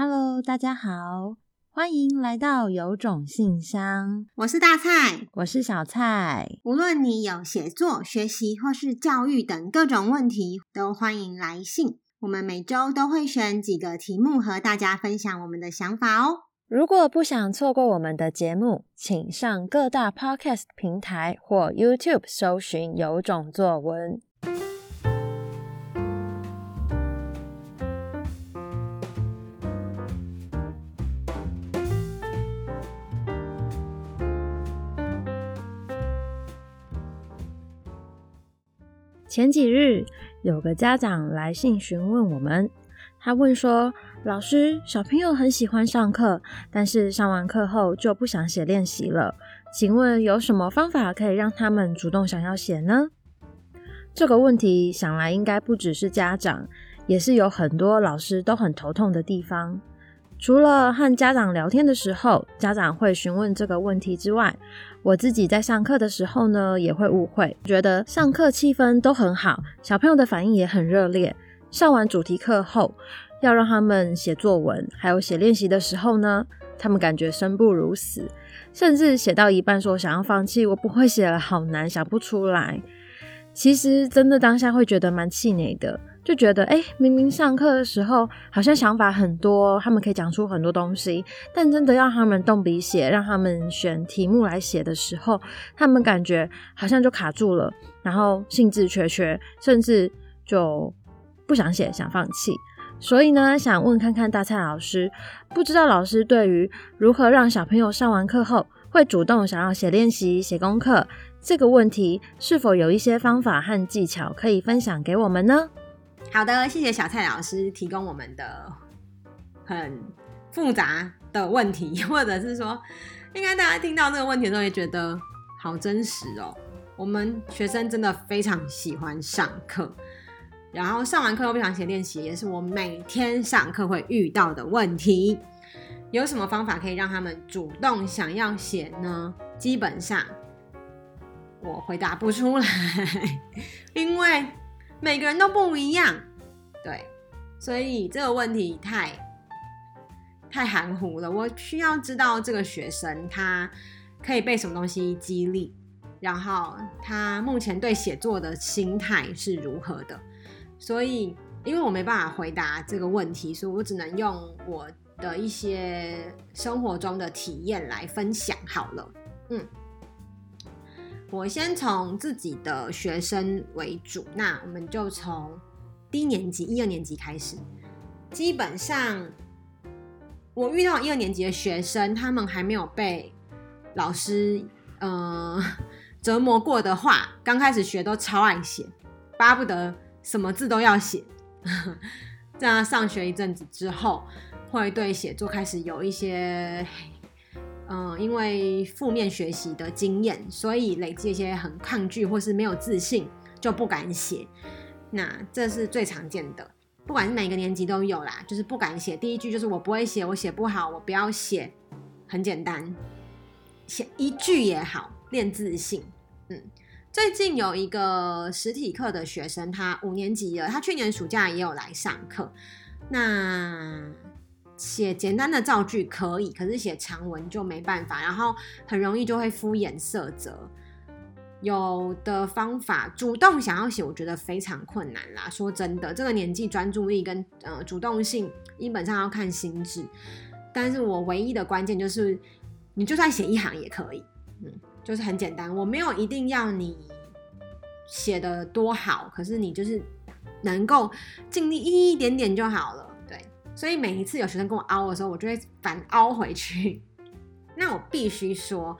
Hello，大家好，歡迎來到有種信箱。我是大菜，我是小菜。無論你有寫作、學習或是教育等各種問題，都歡迎來信。我們每周都會選幾個題目和大家分享我們的想法哦。如果不想錯過我們的節目，請上各大 Podcast 平台或 YouTube 搜尋“有種作文”。前幾日，有個家長來信詢問我們，他問說：“老師，小朋友很喜歡上課，但是上完課後就不想寫練習了，請問有什麼方法可以讓他們主動想要寫呢？”這個問題想來應該不只是家長，也是有很多老師都很頭痛的地方。除了和家長聊天的時候，家長會詢問這個問題之外，我自己在上課的時候呢，也會誤會，覺得上課氣氛都很好，小朋友的反應也很熱烈。上完主題課後，要讓他們寫作文，還有寫練習的時候呢，他們感覺生不如死，甚至寫到一半說想要放棄，我不會寫了，好難，想不出來。其實真的當下會覺得蠻氣餒的。就覺得誒，明明上課的時候好像想法很多，他們可以講出很多東西，但真的要他們動筆寫，讓他們選題目來寫的時候，他們感覺好像就卡住了，然後興致缺缺，甚至就不想寫，想放棄。所以呢，想問看看大菜老師，不知道老師對於如何讓小朋友上完課後會主動想要寫練習、寫功課這個問題，是否有一些方法和技巧可以分享給我們呢？好的，謝謝小蔡老師提供我們的很複雜的問題，或者是說，應該大家聽到這個問題的時候也覺得好真實哦。我們學生真的非常喜歡上課，然後上完課又不想寫練習，也是我每天上課會遇到的問題。有什麼方法可以讓他們主動想要寫呢？基本上我回答不出來，因為。每個人都不一樣，對，所以這個問題太太含糊了。我需要知道這個學生他可以被什麼東西激勵，然後他目前對寫作的心態是如何的。所以，因為我沒辦法回答這個問題，所以我只能用我的一些生活中的體驗來分享好了。嗯。我先從自己的學生為主，那我們就從低年級一二年級開始。基本上，我遇到一二年級的學生，他們還沒有被老師嗯、呃、折磨過的話，剛開始學都超愛寫，巴不得什麼字都要寫。在上學一陣子之後，會對寫作開始有一些。嗯，因為負面學習的經驗，所以累積一些很抗拒或是沒有自信，就不敢寫。那這是最常見的，不管是哪個年級都有啦，就是不敢寫。第一句就是我不會寫，我寫不好，我不要寫。很簡單，寫一句也好，練自信。嗯，最近有一個實體課的學生，他五年級了，他去年暑假也有來上課。那寫簡單的造句可以，可是寫長文就沒辦法，然後很容易就會敷衍塞責。有的方法主動想要寫，我覺得非常困難啦。說真的，這個年紀專注力跟呃主動性，基本上要看心智。但是我唯一的關鍵就是，你就算寫一行也可以，嗯，就是很簡單。我沒有一定要你寫得多好，可是你就是能夠盡力一一點點就好了。所以每一次有學生跟我凹的時候，我就會反凹回去。那我必須說，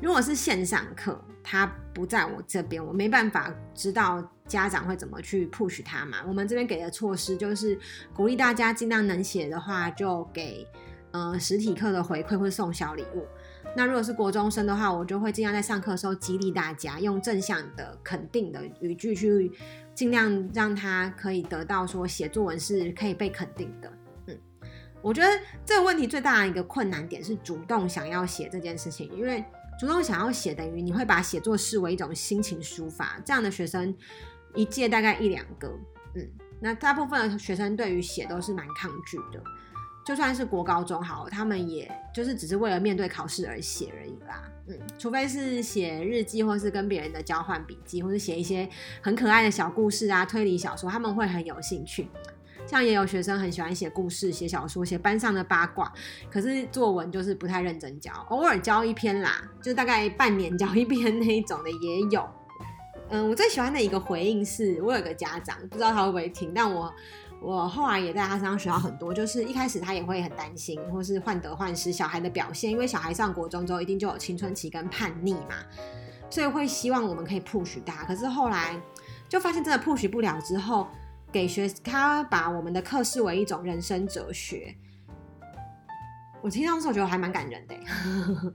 如果是線上課，他不在我這邊，我沒辦法知道家長會怎麼去 push 他嘛。我們這邊給的措施就是鼓勵大家盡量能寫的話，就給嗯、呃、實體課的回饋或者送小禮物。那如果是國中生的話，我就會盡量在上課的時候激勵大家，用正向的、肯定的語句去盡量讓他可以得到說寫作文是可以被肯定的。嗯，我覺得這個問題最大的一個困難點是主動想要寫這件事情，因為主動想要寫等於你會把寫作視為一種心情抒發，這樣的學生一屆大概一兩個。嗯，那大部分的學生對於寫都是蠻抗拒的。就算是國高中好，他們也就是只是為了面對考試而寫而已啦。嗯，除非是寫日記，或是跟別人的交換筆記，或是寫一些很可愛的小故事啊、推理小說，他們會很有興趣。像也有學生很喜歡寫故事、寫小說、寫班上的八卦，可是作文就是不太認真教，偶爾教一篇啦，就大概半年教一篇那一種的也有。嗯，我最喜歡的一個回應是，我有個家長，不知道他會不會聽，但我。我後來也在他身上學到很多，就是一開始他也會很擔心，或是患得患失。小孩的表現，因為小孩上國中之後一定就有青春期跟叛逆嘛，所以會希望我們可以 push 他。可是後來就發現真的 push 不了之後，給學，他把我們的課視為一種人生哲學。我聽到的時候覺得還蠻感人的，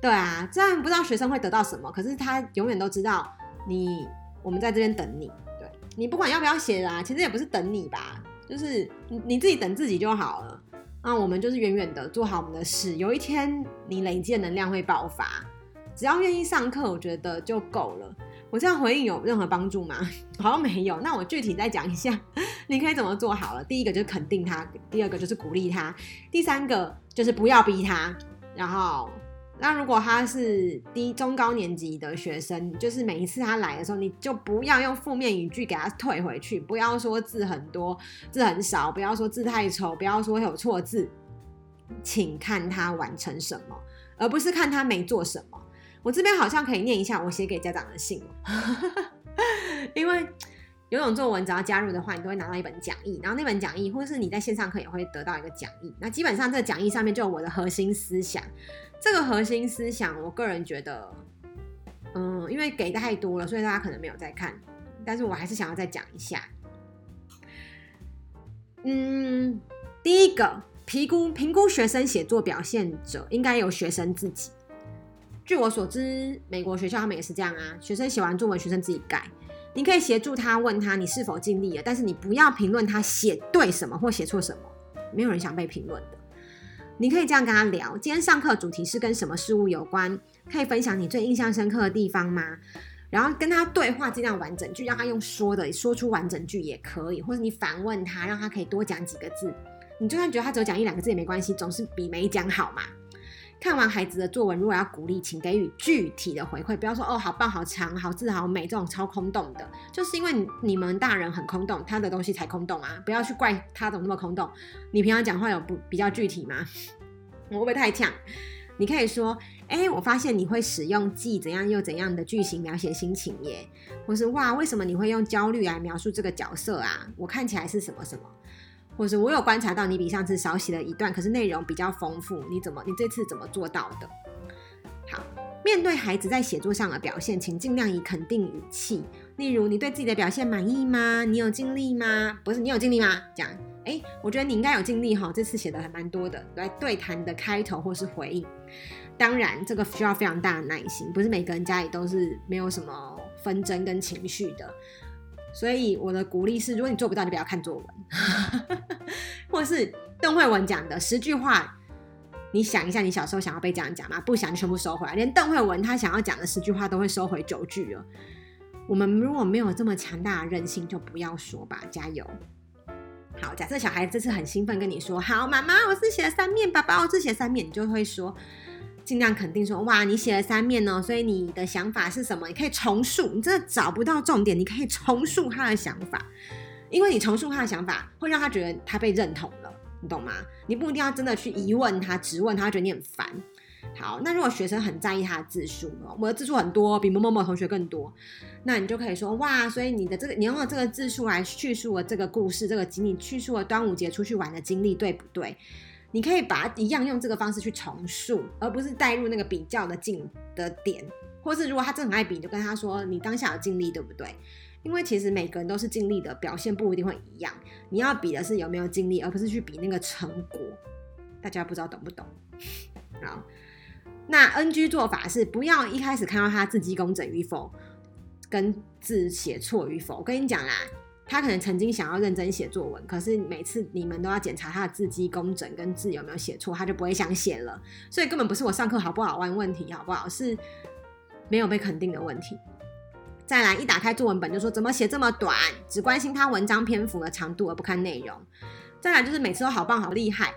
對啊，雖然不知道學生會得到什麼，可是他永遠都知道你，我們在這邊等你。你不管要不要寫啦，啊，其實也不是等你吧，就是你自己等自己就好了。那我們就是遠遠的做好我們的事，有一天你累積的能量會爆發。只要願意上課，我覺得就夠了。我這樣回應有任何幫助嗎？好像沒有。那我具體再講一下，你可以怎麼做好了。第一個就是肯定他，第二個就是鼓勵他，第三個就是不要逼他。然後。那如果他是低、中、高年級的學生，就是每一次他來的時候，你就不要用負面語句給他退回去，不要說字很多、字很少，不要說字太醜，不要說有錯字，請看他完成什麼，而不是看他沒做什麼。我這邊好像可以念一下我寫給家長的信 因為有種作文只要加入的話，你都會拿到一本講義，然後那本講義或是你在線上課也會得到一個講義，那基本上這講義上面就有我的核心思想。這個核心思想，我個人覺得，嗯，因為給的太多了，所以大家可能沒有再看，但是我還是想要再講一下。嗯，第一個評估，評估學生寫作表現者應該由學生自己。據我所知，美國學校他們也是這樣啊，學生寫完作文，學生自己改。你可以協助他，問他你是否盡力了，但是你不要評論他寫對什麼或寫錯什麼，沒有人想被評論的。你可以這樣跟他聊：今天上課主題是跟什麼事物有關？可以分享你最印象深刻的地方嗎？然後跟他對話，盡量完整句，讓他用說的說出完整句也可以，或者你反問他，讓他可以多講幾個字。你就算覺得他只有講一兩個字也沒關係，總是比沒講好嘛。看完孩子的作文，如果要鼓勵，請給予具體的回饋，不要說“哦，好棒、好強、好字、好美”這種超空洞的。就是因為你們大人很空洞，他的東西才空洞啊！不要去怪他怎麼那麼空洞。你平常講話有不比較具體嗎？我會不會太嗆？你可以說：“哎、欸，我發現你會使用‘既’怎樣又怎樣的句型描寫心情耶，或是哇，為什麼你會用焦慮來、啊、描述這個角色啊？我看起來是什麼什麼。”或是我有觀察到你比上次少寫了一段，可是內容比較豐富，你怎麼？你這次怎麼做到的？好，面對孩子在寫作上的表現，請盡量以肯定語氣，例如你對自己的表現滿意嗎？你有盡力嗎？不是，你有盡力嗎？講誒，哎，我覺得你應該有盡力哈，這次寫的還蠻多的。來對，對談的開頭或是回應，當然這個需要非常大的耐心，不是每個人家裡都是沒有什麼紛爭跟情緒的。所以我的鼓勵是，如果你做不到，你不要看作文， 或者是鄧慧文講的十句話，你想一下，你小時候想要被這樣講嗎？不想就全部收回來，連鄧慧文他想要講的十句話都會收回九句哦，我們如果沒有這麼強大的韌性，就不要說吧，加油。好，假設小孩這次很興奮跟你說，好，媽媽，我是寫了三面，爸爸，我是寫了三面，你就會說。盡量肯定說，哇，你寫了三面呢，哦，所以你的想法是什麼？你可以重述，你真的找不到重點，你可以重述他的想法，因為你重述他的想法會讓他覺得他被認同了，你懂嗎？你不一定要真的去疑問他、質問他，他覺得你很煩。好，那如果學生很在意他的字數呢，我的字數很多，比某某某同學更多，那你就可以說，哇，所以你的這個你用了這個字數來敘述了這個故事，這個經歷，敘述了端午節出去玩的經歷，對不對？你可以把他一樣用這個方式去重塑，而不是帶入那個比較的近的點，或是如果他真的很愛比，你就跟他說你當下有盡力，對不對？因為其實每個人都是盡力的，表現不一定會一樣。你要比的是有沒有盡力，而不是去比那個成果。大家不知道懂不懂？好，那 NG 做法是不要一開始看到他字跡工整與否，跟字寫錯與否。我跟你講啦。他可能曾經想要認真寫作文，可是每次你們都要檢查他的字跡工整跟字有沒有寫錯，他就不會想寫了。所以根本不是我上課好不好玩的問題，好不好是沒有被肯定的問題。再來一打開作文本就說怎麼寫這麼短，只關心他文章篇幅的長度而不看內容。再來就是每次都好棒好厲害，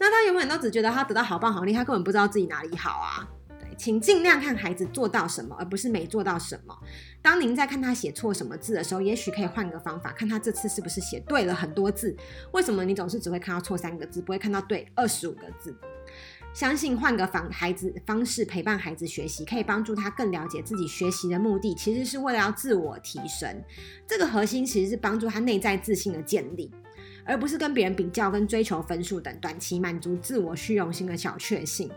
那他永遠都只覺得他得到好棒好厲害，他根本不知道自己哪裡好啊。請盡量看孩子做到什麼，而不是沒做到什麼。當您在看他寫錯什麼字的時候，也許可以換個方法，看他這次是不是寫對了很多字。為什麼你總是只會看到錯三個字，不會看到對二十五個字？相信換個方孩子方式陪伴孩子學習，可以幫助他更了解自己學習的目的，其實是為了要自我提升。這個核心其實是幫助他內在自信的建立，而不是跟別人比較、跟追求分數等短期滿足自我虛榮心的小確幸。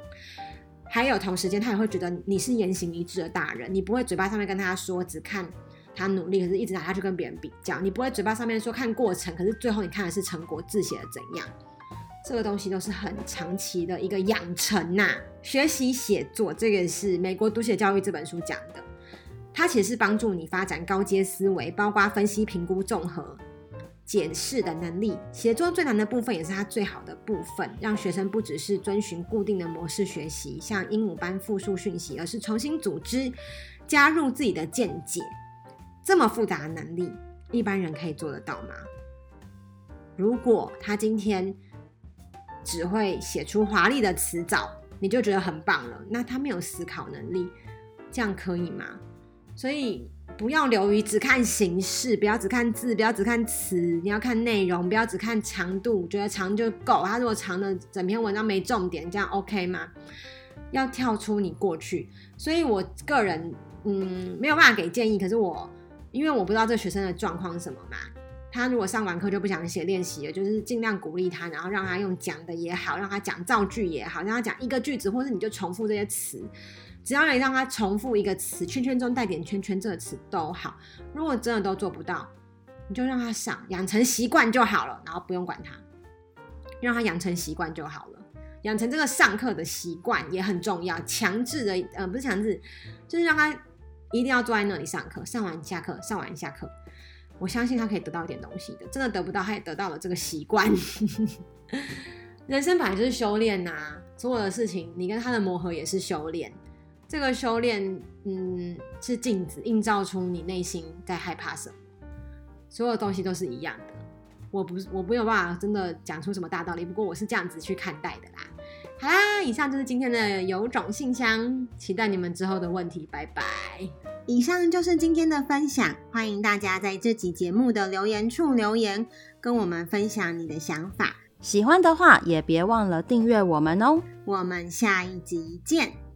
還有同時間，他也會覺得你是言行一致的大人，你不會嘴巴上面跟他說只看他努力，可是一直拿他去跟別人比較。你不會嘴巴上面說看過程，可是最後你看的是成果字寫的怎樣。這個東西都是很長期的一個養成吶、啊。學習寫作，這個是《美國讀寫教育》這本書講的，它其實是幫助你發展高階思維，包括分析、評估、綜合、解釋的能力，寫作最難的部分也是他最好的部分，讓學生不只是遵循固定的模式學習，像鸚鵡般複述訊息，而是重新組織，加入自己的見解。這麼複雜的能力，一般人可以做得到嗎？如果他今天只會寫出華麗的詞藻，你就覺得很棒了，那他沒有思考能力，這樣可以嗎？所以。不要流於只看形式，不要只看字，不要只看詞，你要看內容。不要只看長度，覺得長就夠。他如果長的整篇文章沒重點，這樣 OK 嗎？要跳出你過去。所以我個人，嗯，沒有辦法給建議。可是我，因為我不知道這學生的狀況是什麼嘛。他如果上完課就不想寫練習了，就是盡量鼓勵他，然後讓他用講的也好，讓他講造句也好，讓他講一個句子，或是你就重複這些詞，只要你讓他重複一個詞，圈圈中帶點圈圈這個詞都好。如果真的都做不到，你就讓他上，養成習慣就好了，然後不用管他，讓他養成習慣就好了。養成這個上課的習慣也很重要，強制的，呃，不是強制，就是讓他一定要坐在那裡上課，上完下課，上完下課。我相信他可以得到一點東西的，真的得不到，他也得到了這個習慣。 人生本來就是修煉吶、啊，所有的事情，你跟他的磨合也是修煉。這個修煉，嗯，是鏡子映照出你內心在害怕什麼，所有東西都是一樣的。我不，我沒有辦法真的講出什麼大道理，不過我是這樣子去看待的啦。好啦，以上就是今天的有種信箱，期待你們之後的問題，拜拜。以上就是今天的分享，歡迎大家在這集節目的留言處留言，跟我們分享你的想法。喜歡的話，也別忘了訂閱我們哦。我們下一集見。